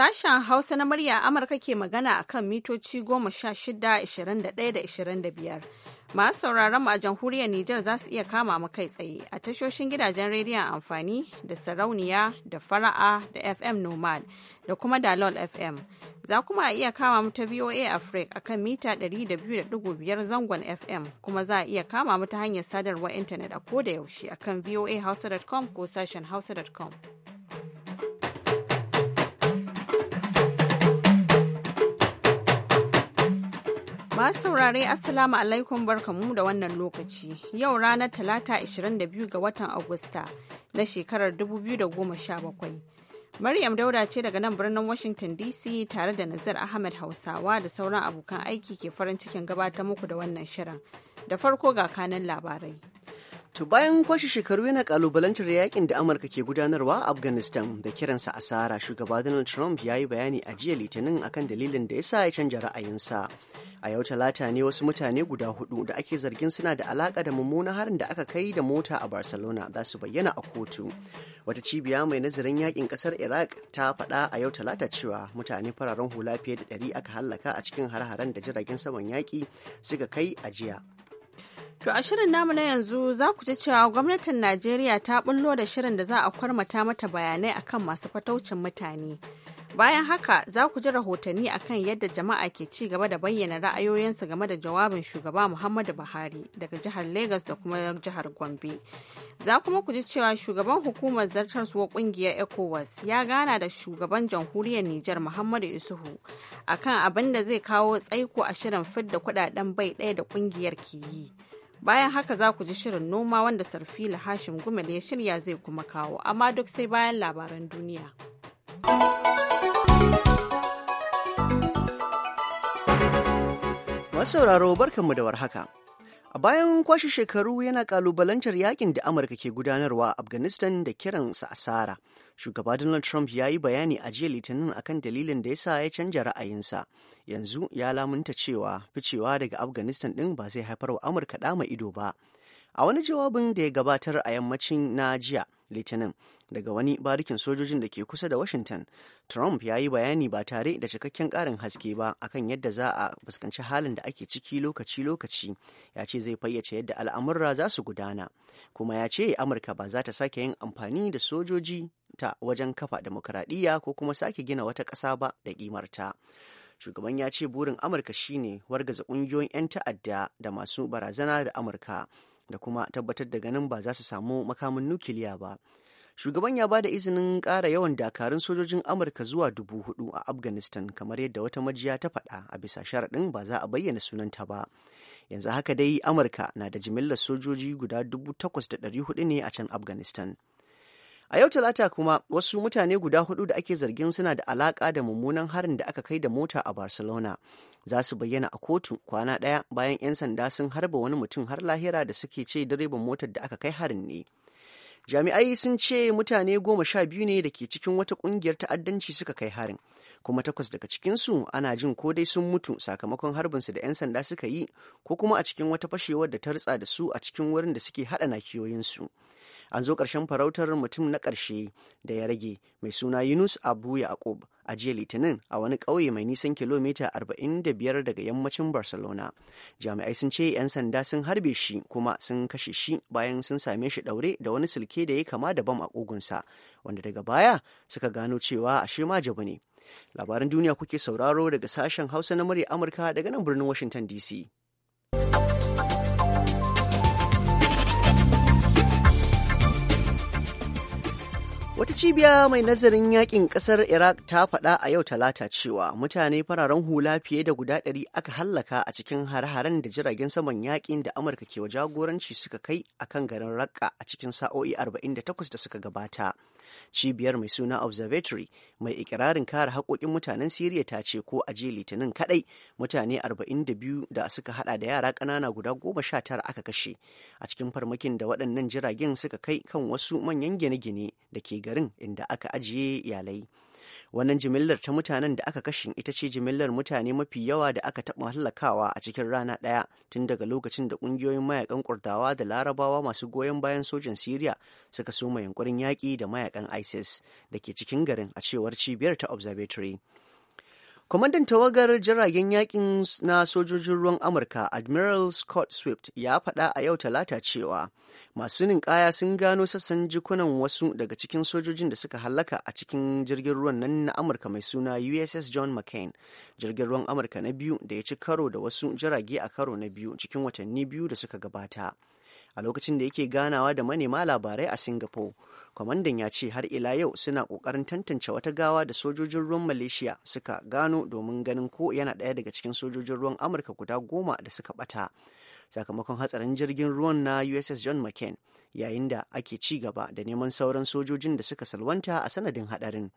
Sashen Hausa na murya Amurka ke magana a kan mitoci goma sha shida, ishirin ɗaya da ishirin da biyar. Masu sauraron mu a jamhuriyar Nijar za su iya kama mu kai tsaye a tashoshin gidajen rediyon amfani da sarauniya da fara'a da FM Nomad da kuma Dalol FM. Za kuma a iya kama mu ta VOA Africa akan mita 200.5 zangon FM kuma za a iya kama mu ta hanyar sadarwar intanet a koda yaushe akan voahausa.com ko sashen hausa.com. Masu saurare Assalamu alaikum barkamu da wannan lokaci. Yau ranar Talata 22 ga watan Agusta na shekarar 2017. Maryam Dauda ce daga nan birnin Washington DC tare da Nazar Ahmed Hausawa da sauran abokan aiki ke farin cikin gabatar muku da wannan shirin. Da farko ga kanan labarai. To bayan kwashe shekaru yana kalubalantar yakin da Amurka ke gudanarwa a Afghanistan da kiransa asara shugaba Donald Trump ya yi bayani a jiya litinin akan dalilin da ya sa ya canja ra'ayinsa. A yau talata ne wasu mutane guda hudu da ake zargin suna da alaka da mummunan harin da aka kai da mota a Barcelona za su bayyana a kotu. Wata cibiya mai nazarin yakin kasar Iraq ta faɗa a yau talata cewa mutane fararen hula fiye da ɗari aka hallaka a cikin har-haren da jiragen saman yaƙi suka kai a jiya To a shirin namu na yanzu za ku ji cewa gwamnatin Najeriya ta bullo da shirin da za a kwarmata mata bayanai akan masu fataucin mutane. Bayan haka za ku ji rahotanni akan yadda jama'a ke ci gaba da bayyana ra'ayoyinsu game da jawabin shugaba Muhammadu Buhari daga jihar Legas da kuma jihar Gombe. Za kuma ku ji cewa shugaban hukumar suwa kungiyar ECOWAS ya gana da shugaban jamhuriyar Nijar Muhammadu Isuhu akan abin da zai kawo tsaiko a shirin fidda kudaden bai ɗaya da kungiyar ke yi. Bayan haka za ku ji shirin noma wanda Sarfila Hashim Gumel ya shirya zai kuma kawo, amma duk sai bayan labaran duniya. Masauraro barkanmu da warhaka. A bayan kwashe shekaru yana kalubalantar yakin da Amurka ke gudanarwa a Afghanistan da kiransa asara. Shugaba Donald Trump ya yi bayani a jiya Litinin akan dalilin da yasa ya canja ra'ayinsa. Yanzu ya lamunta cewa ficewa daga Afghanistan ɗin ba zai haifar wa Amurka ɗama ido ba. a wani jawabin da ya gabatar a yammacin na jiya litinin daga wani barikin sojojin da ke kusa da washington trump ya yi bayani ba tare da cikakken karin haske ba akan yadda za a fuskanci halin da ake ciki lokaci-lokaci ya ce zai fayyace yadda al'amurra za su gudana kuma ya ce amurka ba za ta sake yin amfani da sojoji ta wajen kafa demokradiyya ko kuma sake gina wata ƙasa ba da ƙimarta shugaban ya ce burin amurka shine wargaza ƙungiyoyin 'yan ta'adda da masu barazana da amurka da kuma tabbatar da ganin ba za su samu makamin nukiliya ba shugaban ya ba da izinin ƙara yawan dakarun sojojin amurka zuwa dubu hudu a afghanistan kamar yadda wata majiya ta faɗa a bisa sharaɗin ba za a bayyana sunanta ba yanzu haka dai amurka na da jimillar sojoji guda dubu takwas da ɗari hudu ne a can afghanistan a yau talata kuma wasu mutane guda hudu da ake zargin suna da alaka da mummunan harin da aka kai da mota a barcelona za su bayyana a kotu kwana ɗaya bayan 'yan sanda sun harba wani mutum har lahira da suke ce direban motar da aka kai harin ne. Jami'ai sun ce mutane goma sha biyu ne da ke cikin wata ƙungiyar ta'addanci suka kai harin. kuma takwas daga cikinsu ana jin ko dai sun mutu sakamakon harbinsu da 'yan sanda suka yi ko kuma a cikin wata fashewar da ta ritsa da su a cikin wurin da suke haɗa nakiyoyinsu. an zo ƙarshen farautar mutum na ƙarshe da ya rage mai suna yunus abu yaqub a jiya litinin a wani ƙauye mai nisan kilomita 45 daga yammacin barcelona jami'ai sun ce 'yan sanda sun harbe shi kuma sun kashe shi bayan sun same shi ɗaure da wani silke da ya kama da bam a ƙugunsa wanda daga baya suka gano cewa ashe majabu ne labaran duniya kuke sauraro daga sashen hausa na murya amurka daga nan birnin washington dc Wata cibiya mai nazarin yakin kasar Iraq ta faɗa a yau talata cewa mutane fararen hula fiye da guda ɗari aka hallaka a cikin har haren da jiragen saman yakin da Amurka ke wa jagoranci suka kai akan garin Raqqa a cikin sa'o'i 48 da suka gabata. cibiyar mai suna observatory mai ikirarin kare haƙoƙin mutanen siriya ta ce ko a jiya litinin kadai mutane 42 da suka hada da yara ƙanana guda goma sha tara aka kashe a cikin farmakin da waɗannan jiragen suka kai kan wasu manyan gine-gine da ke garin inda aka ajiye iyalai wannan jimillar ta mutanen da aka kashe ita ce jimillar mutane mafi yawa da aka taɓa hallakawa a cikin rana ɗaya tun daga lokacin da ƙungiyoyin mayakan kurdawa da larabawa masu goyon bayan sojan syria suka soma yunkurin yaƙi da mayakan isis da ke cikin garin a cewar cibiyar ta observatory Kwamandan tawagar jiragen yakin na sojojin ruwan Amurka Admiral Scott Swift ya faɗa a yau talata cewa masu ninkaya sun gano sassan jikunan wasu daga cikin sojojin da suka hallaka a cikin jirgin ruwan nan na Amurka mai suna USS John McCain, jirgin ruwan Amurka na biyu da ya ci karo da wasu jirage a karo na biyu cikin watanni biyu da suka gabata. A lokacin da yake ganawa da manema labarai a Singapore. kwamandan ya ce har ila yau suna ƙoƙarin tantance wata gawa da sojojin ruwan malaysia suka gano domin ganin ko yana ɗaya daga cikin sojojin ruwan amurka guda goma da suka ɓata sakamakon hatsarin jirgin ruwan na uss john mccain yayin da ake ci gaba da neman sauran sojojin da suka salwanta a sanadin haɗarin.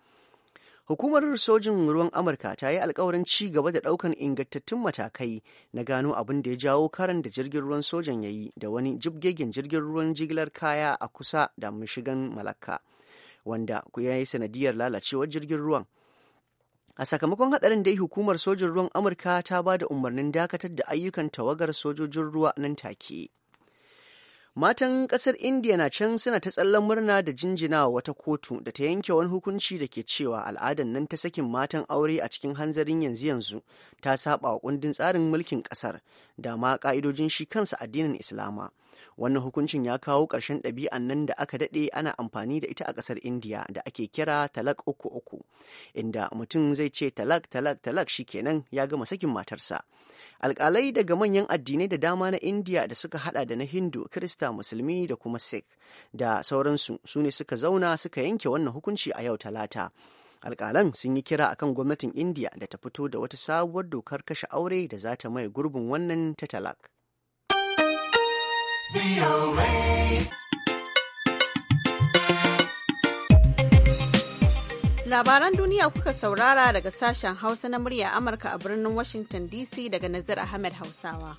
Hukumar sojin ruwan Amurka ta yi alkawarin ci gaba da ɗaukan ingantattun matakai na gano abin da ya jawo karan da jirgin ruwan sojan ya yi da wani jibgegen jirgin ruwan jigilar kaya a kusa da mashigan malaka wanda ku ya yi sanadiyar lalacewar jirgin ruwan. A sakamakon hadarin yi hukumar sojin ruwan Amurka ta ba da umarnin dakatar da ayyukan tawagar sojojin ruwa nan take. Matan ƙasar Indiya na can suna ta tsallan murna da jinjina wata kotu da ta yanke wani hukunci da ke cewa al'adan nan ta sakin matan aure a cikin hanzarin yanzu yanzu ta saba wa kundin tsarin mulkin ƙasar da ma ka'idojin shi kansa addinin Islama. wannan hukuncin ya kawo ƙarshen ɗabi'an nan da aka daɗe ana amfani da ita a ƙasar indiya da ake kira talak uku uku inda mutum zai ce talak talak talak shi kenan ya gama sakin matarsa alkalai daga manyan addinai da dama na indiya da suka hada da na hindu kirista musulmi da kuma sikh da sauransu su ne suka zauna suka yanke wannan hukunci a yau talata alkalan sun yi kira akan gwamnatin indiya da ta fito da wata sabuwar dokar kashe aure da za ta mai gurbin wannan ta talak Labaran duniya kuka saurara daga sashen Hausa na murya Amurka a birnin Washington DC daga Nazir Ahmed Hausawa.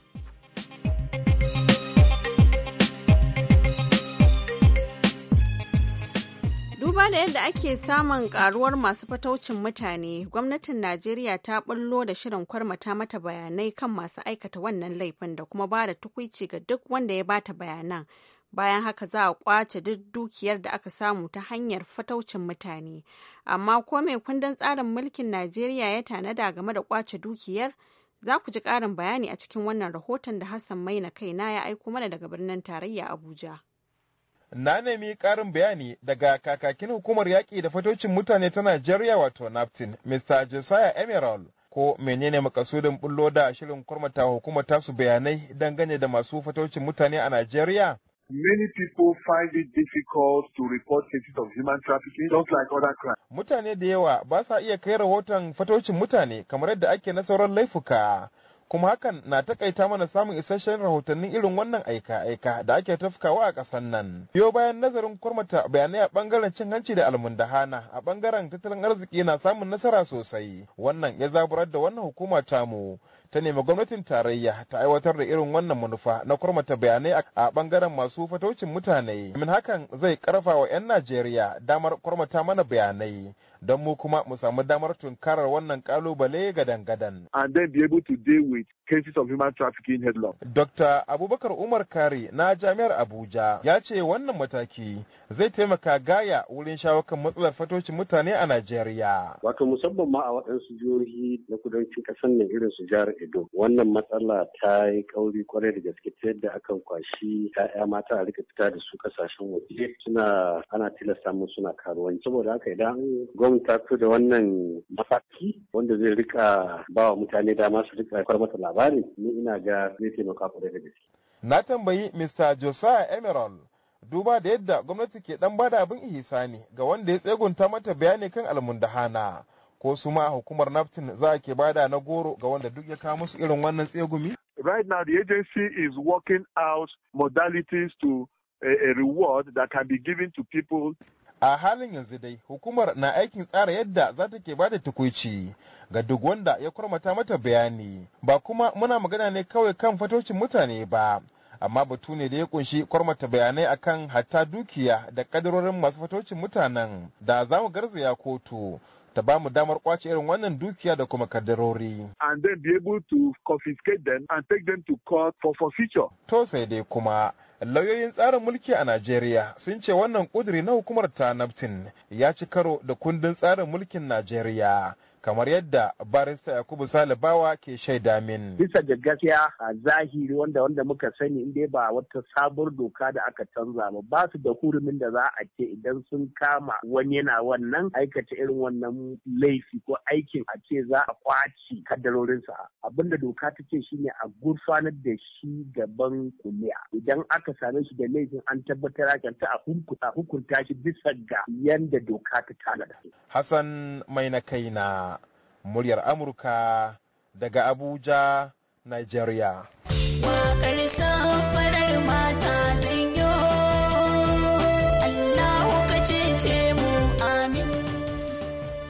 Duba da yadda ake samun karuwar masu fataucin mutane, gwamnatin Najeriya ta bullo da shirin kwarmata mata bayanai kan masu aikata wannan laifin da kuma ba da tukuici ga duk wanda ya bata bayanan. Bayan haka za a kwace duk dukiyar da aka samu ta hanyar fataucin mutane. Amma ko mai kundin tsarin mulkin Najeriya ya tanada game da kwace dukiyar? Za ku ji ƙarin bayani a cikin wannan rahoton da Hassan Maina kaina ya aiko mana daga birnin tarayya Abuja. na nemi ƙarin bayani daga kakakin hukumar yaƙi da fatocin mutane ta Najeriya wato Naftin, Mr. Josiah Emerald. Ko menene makasudin bullo da shirin kwarmata hukumar tasu bayanai dangane da masu fatocin mutane a Najeriya? Many people find it difficult to report cases of human trafficking just like other crimes. Mutane da yawa ba sa iya kai rahoton fatocin mutane kamar yadda ake na laifuka. kuma hakan na takaita mana samun isasshen rahotannin irin wannan aika-aika da ake tafkawa a ƙasar nan. Yau bayan nazarin kurmata bayanai a ɓangaren cin hanci da almundahana a ɓangaren tattalin arziki na samun nasara sosai. Wannan ya zaburar da wannan hukuma tamu ta nemi gwamnatin tarayya ta aiwatar da irin wannan manufa na kurmata bayanai a bangaren masu fatocin mutane. Min hakan zai karfa wa 'yan Najeriya damar kurmata mana bayanai don mu kuma mu samu damar tunkarar wannan kalubale ga dangadan And then be able to deal with cases of human trafficking headlong. Dr. Abubakar Umar Kari na Jami'ar Abuja ya ce wannan mataki zai taimaka gaya wurin shawo kan matsalar fatocin mutane a Najeriya. Wato musamman ma a waɗansu jihohi na kudancin ƙasar nan irin su jihar ido Wannan matsala ta yi kauri kwarai da gaske ta yadda akan kwashi 'ya'ya mata a rika fita da su kasashen waje suna ana tilasta mu suna karuwanci. Saboda haka idan gwamnati ta fito da wannan masaki. wanda zai rika ba wa mutane dama su rika kwar mata labari ni ina ga zai taimaka kwarai da gaske. Na tambayi Mr. Josiah Emerald duba da yadda gwamnati ke dan bada abin ihisani ga wanda ya tsegunta mata bayani kan almundahana. ko su ma hukumar naftin za ke bada na goro ga wanda duk ya kawo musu irin wannan tsegumi? Right now the agency is working out modalities to a, eh, a reward that can be given to people a halin yanzu dai hukumar na aikin tsara yadda za ta ke bada da tukuici ga duk wanda ya kurmata mata bayani ba kuma muna magana ne kawai kan fatocin mutane ba amma batu ne da ya kunshi kwarmata bayanai akan hatta dukiya da kadarorin masu fatocin mutanen da za mu garzaya kotu ta ba mu damar kwace irin wannan dukiya da kuma kaddarori. And then be able to confiscate them and take them to court for forfeiture. To sai dai kuma lauyoyin tsarin mulki a Najeriya sun ce wannan kuduri na hukumar ta ya ci karo da kundin tsarin mulkin Najeriya. kamar yadda barista yakubu salibawa ke shaida min bisa ga gaskiya a zahiri wanda wanda muka sani in dai ba wata sabuwar doka da aka canza ba ba su da hurumin da za a ce idan sun kama wani yana wannan aikata irin wannan laifi ko aikin a ce za a kwaci kaddarorinsa abinda doka ta ce shine a gurfanar da shi gaban kuliya idan aka same shi da laifin an tabbatar akanta a hukunta shi bisa ga yanda doka ta tanada. Hassan mai na kaina muryar amurka daga abuja nigeria Waƙar safarar mata zanyo mu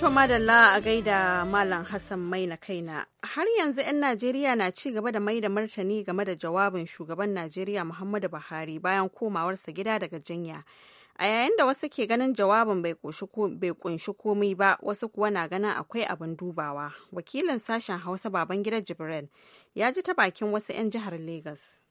To madalla a gaida Malam Hassan mai na kai na Har yanzu 'yan Najeriya na ci gaba da mai da martani game da jawabin shugaban Najeriya Muhammadu Buhari bayan komawarsa gida daga jinya. a yayin da wasu ke ganin jawabin bai kunshi komai ba wasu kuwa na ganin akwai abin dubawa wakilin sashen hausa baban gida jibril ya ji ta bakin wasu 'yan jihar Legas.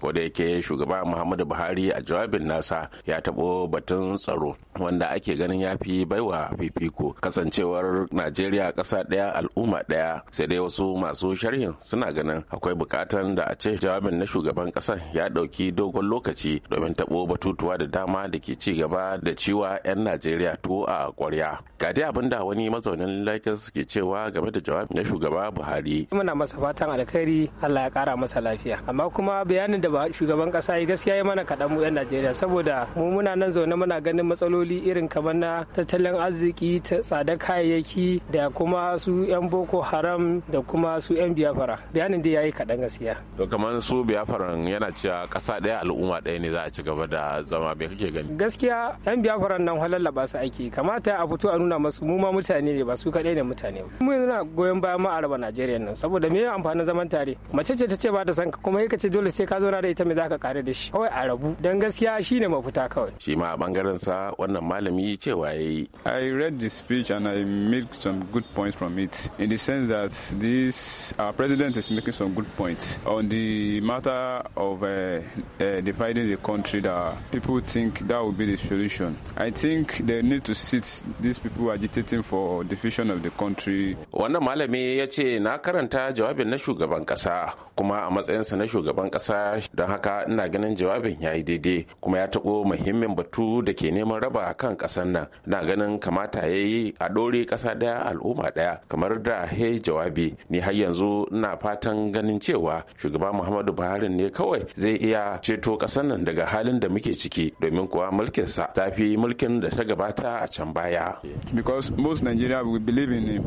koda yake shugaba muhammadu buhari a jawabin nasa ya taɓo batun tsaro wanda ake ganin ya fi baiwa fifiko kasancewar najeriya ƙasa ɗaya al'umma ɗaya sai dai wasu masu sharhin suna ganin akwai buƙatar da a ce jawabin na shugaban ƙasar ya ɗauki dogon lokaci domin tabo batutuwa da dama da ke ci gaba da ciwa 'yan najeriya tuwo a ƙwarya ga dai abin da wani mazaunin lagos ke cewa game da jawabin na shugaba buhari muna masa fatan alkhairi allah ya ƙara masa lafiya amma kuma bayanin da shugaban kasa ya gaskiya ya mana kaɗan mu 'yan Najeriya saboda mu muna nan zaune muna ganin matsaloli irin kamar na tattalin arziki tsada kayayyaki da kuma su 'yan Boko Haram da kuma su 'yan biyafara bayanin da yayi kaɗan gaskiya. To kamar su biyafaran yana cewa ƙasa ɗaya al'umma ɗaya ne za a ci gaba da zama me kake gani? Gaskiya 'yan biyafaran nan ba su aiki kamata a fito a nuna musu mu ma mutane ne ba su kaɗai ne mutane ba. Mu yanzu na goyon bayan ma Najeriya nan saboda me amfanin zaman tare mace ce ta ce ba ta san ka kuma ka ce dole sai ka zo zauna da ita me zaka kare da shi kawai a rabu dan gaskiya shine mafita kawai shi ma a bangaren sa wannan malami cewa yayi i read the speech and i made some good points from it in the sense that this our president is making some good points on the matter of uh, uh, dividing the country that people think that would be the solution i think they need to sit these people agitating for division of the country wannan malami ya ce na karanta jawabin na shugaban kasa kuma a matsayinsa na shugaban kasa don haka ina ganin jawabin ya yi daidai kuma ya taɓo muhimmin batu da ke neman raba kan ƙasar nan ina ganin kamata ya yi a ɗore ƙasa daya al'umma daya kamar da he jawabi ni har yanzu ina fatan ganin cewa shugaba muhammadu buhari ne kawai zai iya ceto ƙasar nan daga halin da muke ciki domin kuwa mulkinsa ta fi mulkin da ta gabata a can baya because most nigeria will believe in him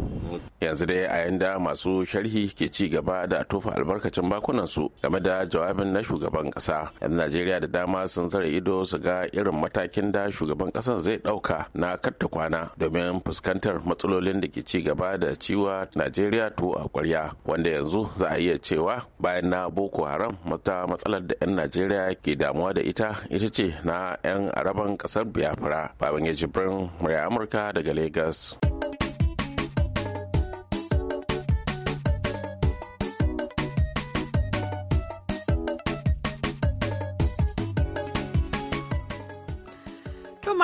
yanzu dai a yanda masu sharhi ke ci gaba da tofa albarkacin bakunan su game da jawabin na shugaban kasa yan najeriya da dama sun zara ido su ga irin matakin da shugaban kasan zai dauka na katta kwana domin fuskantar matsalolin da ke ci gaba da ciwa najeriya tuwo a kwarya wanda yanzu za a iya cewa bayan na boko haram mata matsalar da yan najeriya ke damuwa da ita ita ce na yan araban kasar biafra baban ya jibrin amurka daga lagos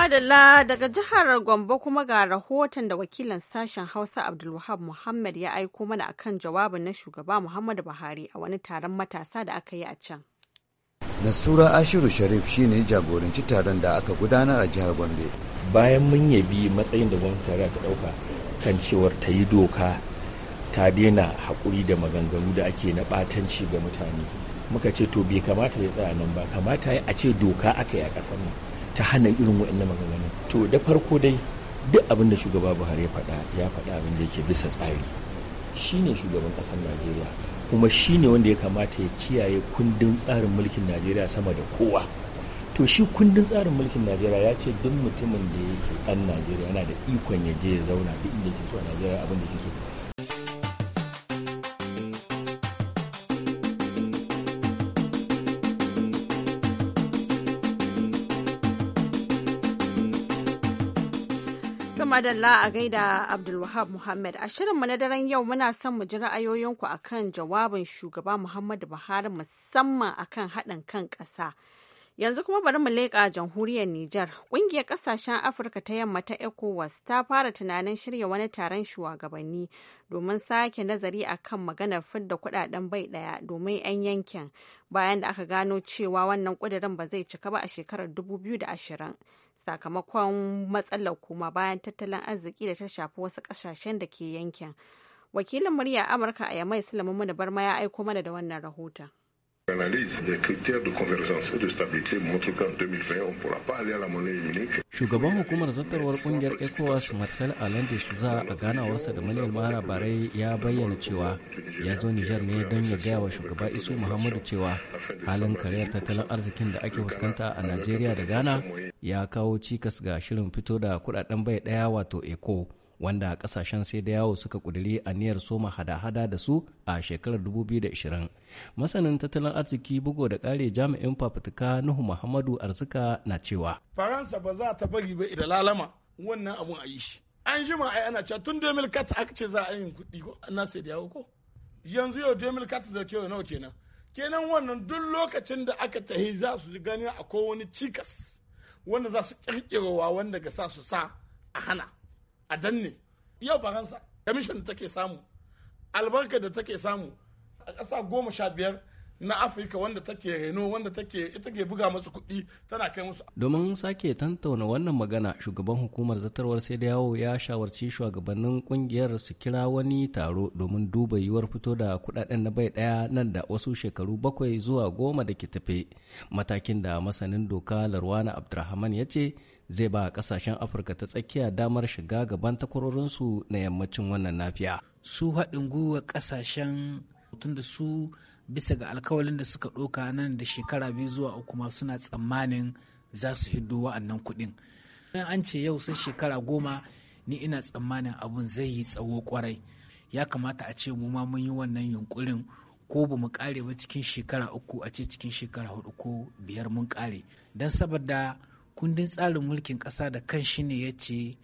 madalla daga jihar Gombe kuma ga rahoton da wakilan sashen Hausa Abdulwahab Muhammad ya aiko mana akan jawabin na shugaba Muhammadu Buhari a wani taron matasa da aka yi a can. Nasura Ashiru Sharif shine jagoranci taron da aka gudanar a jihar Gombe. Bayan mun yabi matsayin da gwamnati tare ta dauka kan cewar ta yi doka ta daina hakuri da maganganu da ake na ɓatanci ga mutane. Muka ce to bai kamata ya tsaya nan ba, kamata a ce doka aka yi a ƙasar nan. ta hana irin waɗannan maganganu to da farko dai duk abin da shugaba buhari ya faɗa ya faɗa abin da yake bisa tsari shi ne shugaban ƙasar najeriya kuma shi ne wanda ya kamata ya kiyaye kundin tsarin mulkin najeriya sama da kowa to shi kundin tsarin mulkin najeriya ya ce duk mutumin da yake ɗan najeriya yana da ikon ya je ya zauna duk inda ke so a najeriya abin da ke so madalla a gaida Abdulwahab Muhammad. A shirin shirinmu na daren yau muna son mu ji ra'ayoyinku akan jawabin shugaba Muhammadu Buhari musamman akan haɗin kan ƙasa Yanzu kuma bari mu leƙa jamhuriyar Nijar. Ƙungiyar ƙasashen Afirka ta yamma ta ECOWAS ta fara tunanin shirya wani taron shugabanni domin sake nazari a kan maganar fidda kuɗaɗen bai ɗaya domin 'yan yankin bayan da aka gano cewa wannan ƙudurin ba zai cika ba a shekarar 2020 sakamakon matsalar kuma bayan tattalin arziki da ta shafi wasu ƙasashen da ke yankin. Wakilin murya Amurka a Yamai Sulaiman Barma ya aiko mana da wannan rahoton. Shugaban hukumar zartarwar kungiyar ECOWAS Marcel de Souza a ganawarsa da manema labarai ya bayyana cewa ya zo Nijar ne don ya gaya wa shugaba Isu Muhammadu cewa halin karyar tattalin arzikin da ake fuskanta a Najeriya da Ghana ya kawo cikas ga shirin fito da kudaden bai daya wato ECO. wanda kasashen sai da yawo suka kuduri aniyar soma hada-hada da su a shekarar 2020 masanin tattalin arziki bugu da kare jami'in fafutuka nuhu muhammadu arzika na cewa faransa ba za ta bari ba idan lalama wannan abun a yi shi an ji ana cewa tun 2004 aka ce za a yi kuɗi ko na nasa da yawo ko yanzu yau 2004 zai kewa nawa kenan kenan wannan duk lokacin da aka tahi za su gani akwai wani cikas wanda za su kirkirowa wanda ga sa su sa a hana a danne yau faransa kamishin da take samu albarka da take samu a kasa goma sha biyar na afirka wanda take reno wanda take ita ke buga masu kuɗi tana kai musu domin sake tantauna wannan magana shugaban hukumar zatarwar sai da yawo ya shawarci shugabannin kungiyar su kira wani taro domin duba yiwuwar fito da kuɗaɗen na bai ɗaya nan da wasu shekaru bakwai zuwa goma da ke tafe matakin da masanin doka larwana abdurrahman ya ce zai ba kasashen afirka ta tsakiya damar shiga gaban takwarorinsu na yammacin wannan nafiya su haɗin gwiwa kasashen tun da su bisa ga alkawalin da suka ɗoka nan da shekara biyu zuwa uku ma suna tsammanin za su hiddo wa'annan kuɗin an ce yau sai shekara goma ni ina tsammanin abun zai yi tsawo kwarai ya kamata a ce mu ma mun yi wannan yunkurin ko ba mu kare ba cikin shekara uku a ce cikin shekara hudu ko biyar mun kare don saboda kundin tsarin mulkin ƙasa da kan shi ne ya ce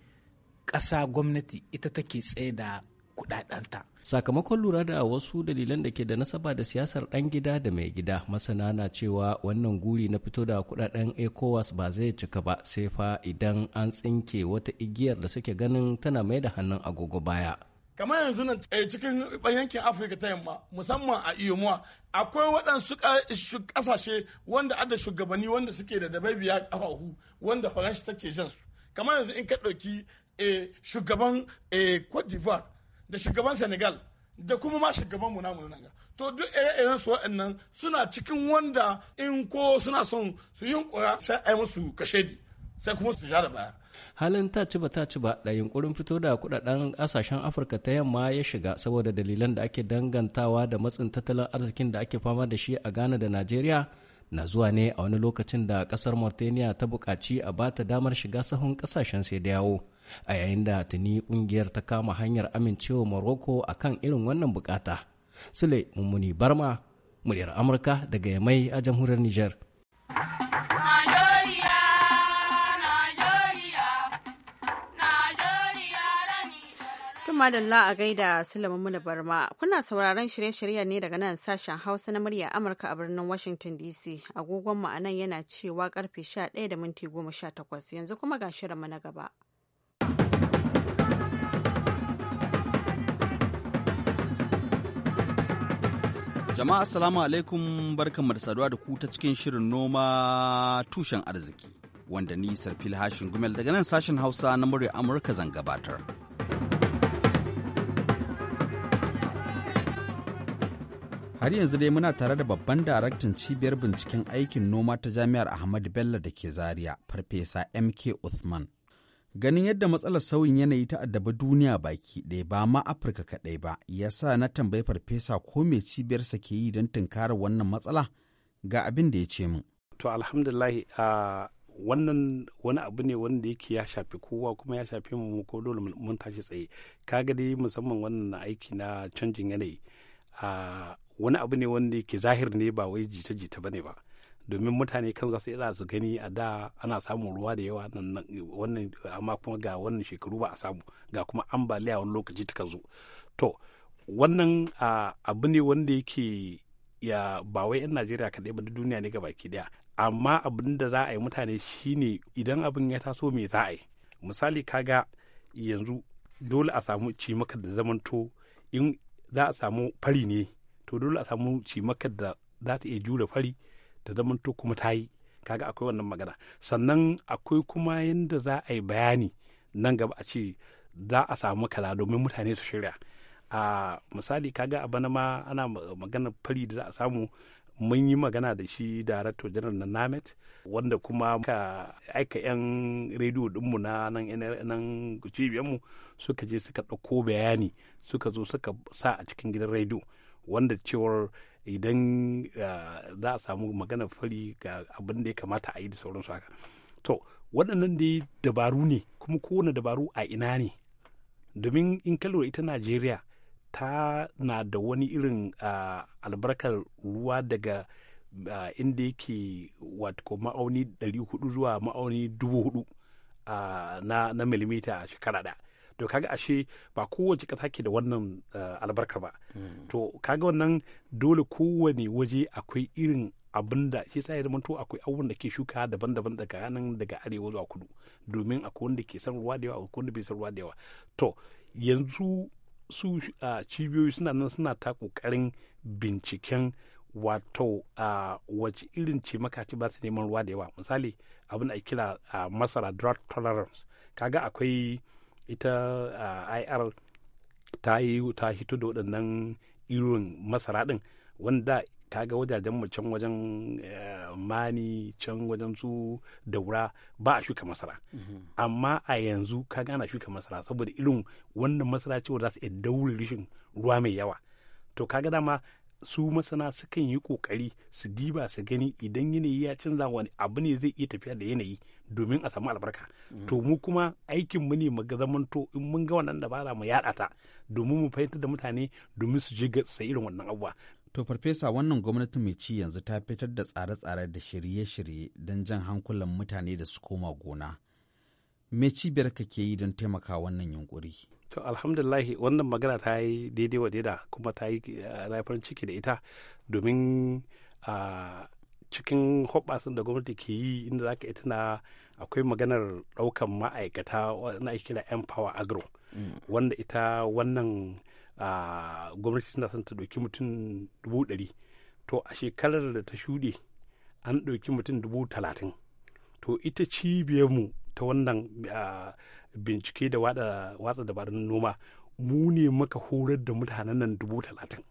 ƙasa gwamnati ita take tsaye da kudadanta. Sakamakon lura da wasu dalilan da ke da nasaba da siyasar ɗan gida da mai gida masana na cewa wannan guri na fito da kudaden ECOWAS ba zai cika ba sai fa idan an tsinke wata igiyar da suke ganin tana mai da hannun agogo baya. kamar yanzu nan eh, cikin eh, yankin afirka ta yamma musamman a iyomuwa akwai waɗansu ƙasashe wanda ada shugabanni wanda suke da dababiya ƙafahu wanda faransa take jan su kamar yanzu in ka ɗauki eh, shugaban cote d'ivoire da shugaban senegal da kuma ma shugaban mu namu ga to duk ire-iren su waɗannan suna cikin wanda in ko suna son su yunƙura. sai ai musu kashedi sai kuma su ja da baya halin ta ci ba ta ci ba da yunkurin fito da kudaden kasashen afirka ta yamma ya shiga saboda dalilan da ake dangantawa da matsin tattalin arzikin da ake fama da shi a ghana da najeriya na zuwa ne a wani lokacin da kasar mauritania ta buƙaci a bata damar shiga sahun kasashen sai da yawo a yayin da tuni kungiyar ta kama hanyar amincewa morocco kan irin wannan bukata sule mummuni barma muryar amurka daga yamai a jamhuriyar niger To madalla a gaida Sulaiman Barma. Kuna sauraron shirye-shiryen ne daga nan sashen Hausa na murya Amurka a birnin Washington DC. Agogon mu anan yana cewa karfe 11 da minti 18 yanzu kuma ga shirinmu na gaba. Jama'a assalamu alaikum mu da saduwa da ku ta cikin shirin noma tushen arziki wanda ni Sarfil Hashin Gumel daga nan sashen Hausa na murya Amurka zan gabatar. har yanzu dai muna tare da babban daraktan cibiyar binciken aikin noma ta jami'ar ahmadu bello da ke zaria farfesa mk uthman ganin yadda matsalar sauyin yanayi ta addaba duniya baki ɗaya ba ma afirka kaɗai ba ya sa na tambayi farfesa ko me cibiyarsa ke yi don tunkarar wannan matsala ga abin da ya ce min to alhamdulahi a wannan wani abu ne wanda yake ya shafi kowa kuma ya shafi mu ko dole mun tashi tsaye kaga dai musamman wannan aiki na canjin yanayi a wani abu ne wanda yake zahir ne ba wai jita-jita ba ne ba domin mutane kan za su yi su gani a da ana samun ruwa da yawa wannan amma kuma ga wannan shekaru ba a samu ga kuma ambaliya wani lokaci ta zo to wannan abu ne wanda yake ya ba wai 'yan najeriya kaɗai ba duniya ne baki daya amma abin da za a yi mutane shine idan abin ya taso me za a yi misali kaga yanzu dole a samu cimaka da zamanto in za a samu fari ne to dole a samu cimakar da za ta iya jure fari ta to kuma ta yi kaga akwai wannan magana sannan akwai kuma yadda za a yi bayani nan gaba a ce za a samu kaza domin mutane su shirya a misali kaga a bana ma ana magana fari da za a samu mun yi magana da shi darakta janar na namet wanda kuma ka aika 'yan rediyo dinmu na nan cibiyarmu suka je suka ɗauko bayani suka zo suka sa a cikin gidan rediyo wanda cewar idan ah, za a samu maganar fari ga abin da ya kamata a yi da sauransu haka to waɗannan dai dabaru ne kuma kowane dabaru a ina ne domin in kalura ita najeriya ta na da wani irin ah, albarkar ruwa daga ah, inda yake wato ma'auni 400 zuwa ma'auni 4,000 na, na milimita a shekara ɗaya to kaga ashe ba kowace ƙasa ke da wannan eh, albarkar ba hmm. to kaga wannan dole kowane waje akwai irin abin da shi sa ya zamanto akwai abubuwan da ke shuka daban-daban daga nan daga arewa zuwa kudu domin akwai wanda ke san ruwa da yawa akwai wanda bai san ruwa da yawa to yanzu su eh, cibiyoyi suna nan suna ta kokarin binciken wato a eh, wace irin ce makaci ba su neman ruwa da yawa misali abin da kira masara drought tolerance kaga akwai ita ir ta yi ta hito da waɗannan irin masara ɗin wanda kaga wajajen mu can wajen eh, mani can wajen su daura ba a shuka masara mm-hmm. amma a yanzu ka gana shuka masara saboda irin wannan masara cewa za su iya daure rishin ruwa mai yawa to ka kaga dama su masana sukan yi kokari su diba su gani idan yanayi ya canza wani abu ne zai iya tafiya da yanayi domin a samu albarka mm. to mu kuma aikin mu ne mu ga zamanto in mun ga wannan dabara mu yada ta domin mu fahimtar da mutane domin su je ga sai irin wannan abuwa to farfesa wannan gwamnati mai ci yanzu ta fitar da tsare-tsare da shirye-shirye don jan hankulan mutane da su koma gona me cibiyar ka ke yi don taimaka wannan yunkuri to alhamdulillahi wannan magana ta yi daidai wa daida kuma ta yi eh, farin ciki da ita domin a ah, cikin hoɓasin da gwamnati ke yi inda za ka yi tuna akwai maganar ɗaukan ma'aikata na ake kira empower agro mm. wanda ita wannan ah, gwamnati tana son ta ɗauki mutum dubu ɗari to a shekarar da ta shuɗe an ɗauki mutum dubu talatin to ita cibiyarmu ta wannan bincike da watsa dabarun noma mu ne muka horar da mutanen nan dubu talatin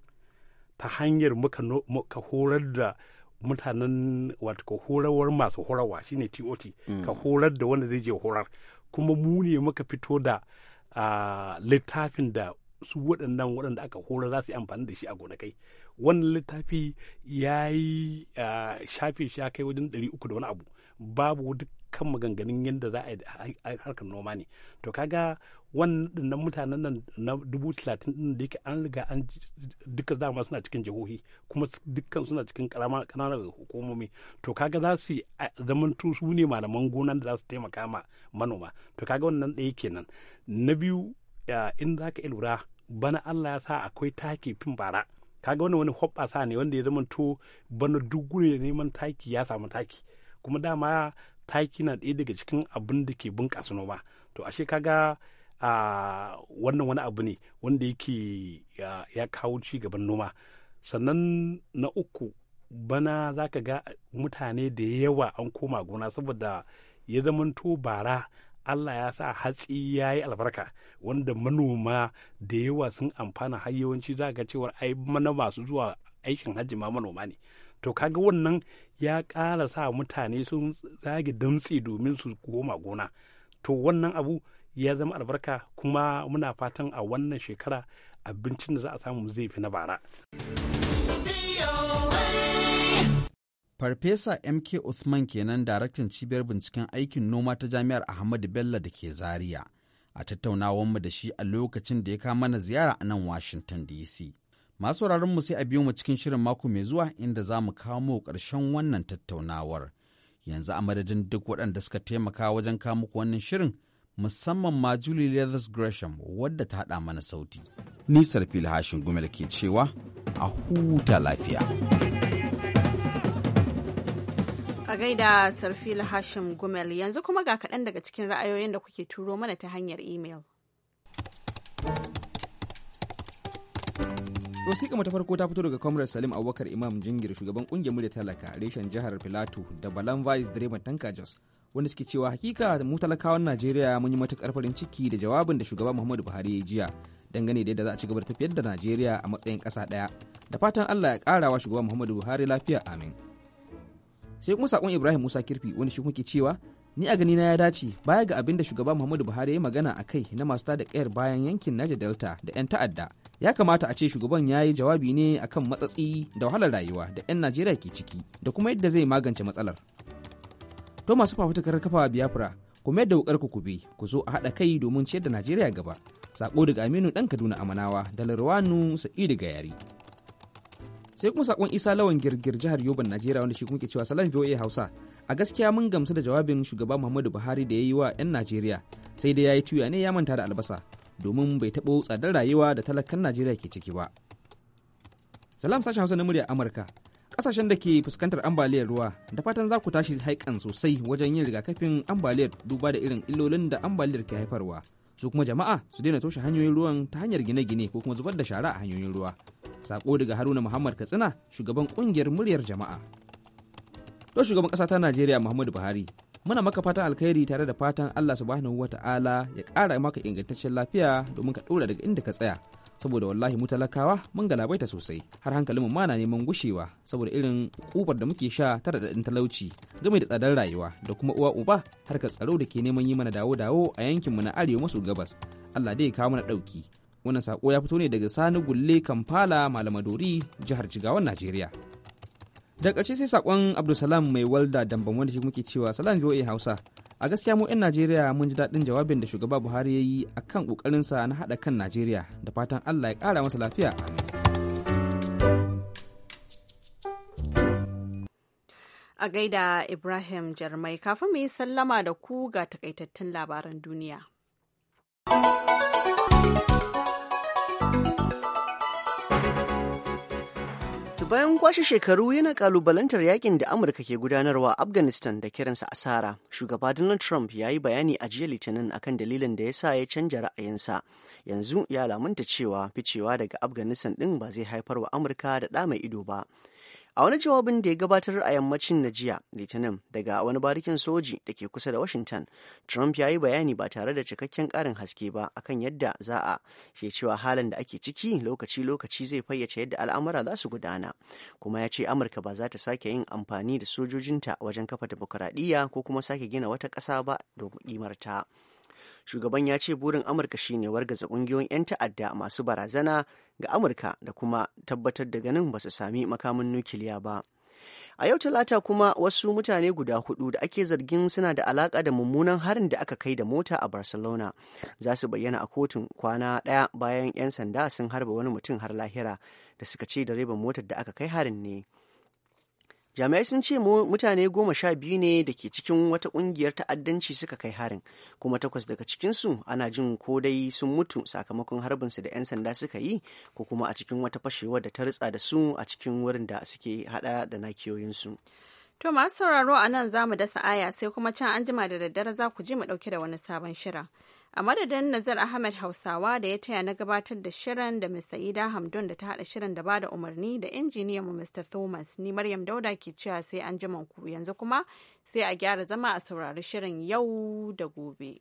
ta hanyar muka horar da mutanen wato ka horarwar masu horarwa shine tot mm. ka horar da wanda zai je horar kuma mu ne muka fito da littafin da su waɗannan waɗanda aka horar za su yi amfani da shi a gonakai wannan littafi ya yi shafe shi kai wajen ɗari uku da wani abu babu duk kan maganganun yadda za a harkar noma ne to kaga wannan mutanen nan na dubu talatin din da yake an riga an duka dama suna cikin jihohi kuma dukkan suna cikin ƙananan hukumomi to kaga za su zaman su ne malaman gonan da za su taimaka ma manoma to kaga wannan ɗaya kenan na biyu in za ka lura bana allah ya sa akwai taki fin bara kaga wani wani hoɓɓasa ne wanda ya zama to bana duk gure neman taki ya samu taki kuma dama taki na ɗaya daga cikin abin da ke bunƙasa noma to ashe kaga a wannan wani abu ne wanda yake ya kawo ci gaban noma sannan na uku bana za ka ga mutane da yawa an koma gona saboda ya zamanto bara Allah ya sa hatsi ya yi albarka wanda manoma da yawa sun amfana har yawanci za ga cewar ai mana masu zuwa aikin hajji ma manoma ne to kaga wannan ya ƙara sa mutane sun zage damtsi domin su goma gona to wannan abu ya zama albarka kuma muna fatan a wannan shekara abincin da za a samu zai fi na bara Farfesa MK Uthman kenan daraktan cibiyar binciken aikin noma ta Jami'ar Ahmadu Bello da ke Zaria a tattaunawanmu da shi a lokacin da ya kama na ziyara a nan Washington DC. Masu mu sai a biyo mu cikin shirin mako mai zuwa inda za mu kawo mu ƙarshen wannan tattaunawar. Yanzu a madadin duk waɗanda suka taimaka wajen kawo muku wannan shirin musamman ma Julie Leathers Gresham wadda ta haɗa mana sauti. Ni fili Hashin Gumel ke cewa a huta lafiya. A gaida Sarfil Hashim Gumel yanzu kuma ga kaɗan daga cikin ra'ayoyin da kuke turo mana ta hanyar imel. wasiƙa mu ta farko ta fito daga comrade salim abubakar imam jingir shugaban ƙungiyar murya talaka reshen jihar filato da balan vice direban tanka jos wanda suke cewa hakika mu talakawan najeriya mun yi matukar farin ciki da jawabin da shugaban muhammadu buhari ya jiya dangane da yadda za a ci gaba da tafiyar da najeriya a matsayin ƙasa ɗaya da fatan allah ya ƙara wa shugaba muhammadu buhari lafiya amin sai kuma saƙon ibrahim musa kirfi wanda shi kuma ke cewa ni a ganina ya dace baya ga abin da shugaba muhammadu buhari ya yi magana a kai na masu tada kayar bayan yankin naja delta da 'yan ta'adda ya kamata a ce shugaban ya yi jawabi ne akan matsatsi da wahalar rayuwa da 'yan najeriya ke ciki da kuma yadda zai magance matsalar to masu fafutukar kafawa biafra ku mayar da wukar ku kube ku zo a haɗa kai domin ciyar da najeriya gaba sako daga aminu ɗan kaduna amanawa da larwanu sa'idu gayari sai kuma sakon isa lawan girgir jihar yobon najeriya wanda shi kuma ke cewa salam voa hausa a gaskiya mun gamsu da jawabin shugaba muhammadu buhari da ya yi wa 'yan najeriya sai dai ya yi tuya ne ya manta da albasa domin bai taɓo tsadar rayuwa da talakan najeriya ke ciki ba salam sashen hausa na murya amurka kasashen da ke fuskantar ambaliyar ruwa da fatan za ku tashi haikan sosai wajen yin rigakafin ambaliyar duba da irin illolin da ambaliyar ke haifarwa su kuma jama'a su daina toshe hanyoyin ruwan ta hanyar gine-gine ko kuma zubar da shara a hanyoyin ruwa sako daga haruna muhammad katsina shugaban kungiyar muryar jama'a to shugaban kasa ta najeriya muhammadu buhari muna maka fatan alkhairi tare da fatan allah subhanahu wa ta'ala ya kara maka ingantaccen lafiya domin ka daura daga inda ka tsaya saboda wallahi mu talakawa mun galabaita sosai har hankalin mu ma na neman gushewa saboda irin kubar da muke sha ta radadin talauci game da tsadar rayuwa da kuma uwa uba har ka tsaro da ke neman yi mana dawo dawo a yankin mu na arewa maso gabas Allah dai ya kawo mana dauki wannan sako ya fito ne daga Sani Gulle Kampala Malamadori jihar Jigawan Najeriya da ƙarshe sai sakon Abdulsalam mai walda damban wanda shi muke cewa salam VOA Hausa a gaskiya mu 'yan najeriya mun ji daɗin jawabin da shugaba buhari ya yi a kan ƙoƙarinsa na haɗa kan najeriya da fatan allah ya ƙara masa lafiya a gaida ibrahim jarmai kafin mu yi sallama da ku ga takaitattun labaran duniya Bayan kwashe shekaru yana kalubalantar yakin da Amurka ke gudanarwa Afghanistan da kiransa asara, shugaba Donald Trump ya yi bayani a jiya Litinin akan dalilin da ya sa ya canja ra'ayinsa. Yanzu ya lamunta cewa ficewa daga Afghanistan ɗin ba zai haifar wa Amurka da ɗa mai ido ba, a wani jawabin da ya gabatar a yammacin na jiya litinin daga wani barikin soji da ke kusa da washington trump ya yi bayani ba tare da cikakken karin haske ba akan yadda za a ke cewa halin da ake ciki lokaci-lokaci zai fayyace yadda al'amura za su gudana kuma ya ce amurka ba za ta sake yin amfani da sojojinta wajen kafa demokuraɗiyya ko kuma sake gina wata ƙasa ba domin ta. shugaban ya ce burin amurka shine wargaza kungiyoyin 'yan ta'adda masu barazana ga amurka da kuma tabbatar da ganin ba su sami makamin nukiliya ba a yau talata kuma wasu mutane guda hudu da ake zargin suna da alaka da mummunan harin da aka kai da mota a barcelona za su bayyana a kotun kwana daya bayan 'yan sanda sun harba wani mutum har lahira da suka ce direban motar da aka kai harin ne jami'ai sun ce mutane goma sha biyu ne da ke cikin wata kungiyar ta'addanci suka kai harin kuma takwas daga cikinsu ana jin ko dai sun mutu sakamakon harbinsu da 'yan sanda suka yi ko kuma a cikin wata fashewar da ta ritsa da su a cikin wurin da suke hada da nakiyoyinsu to masu sauraro a nan za mu dasa aya sai kuma can anjima da daddare za ku ji mu dauke da wani sabon shirin a madadin nazar ahmed hausawa da ya taya na gabatar da shirin da mr ida hamdun da ta haɗa shirin da bada umarni da injiniyan mu mr thomas ni maryam dauda ke cewa sai an ku yanzu kuma sai a gyara zama a saurari shirin yau da gobe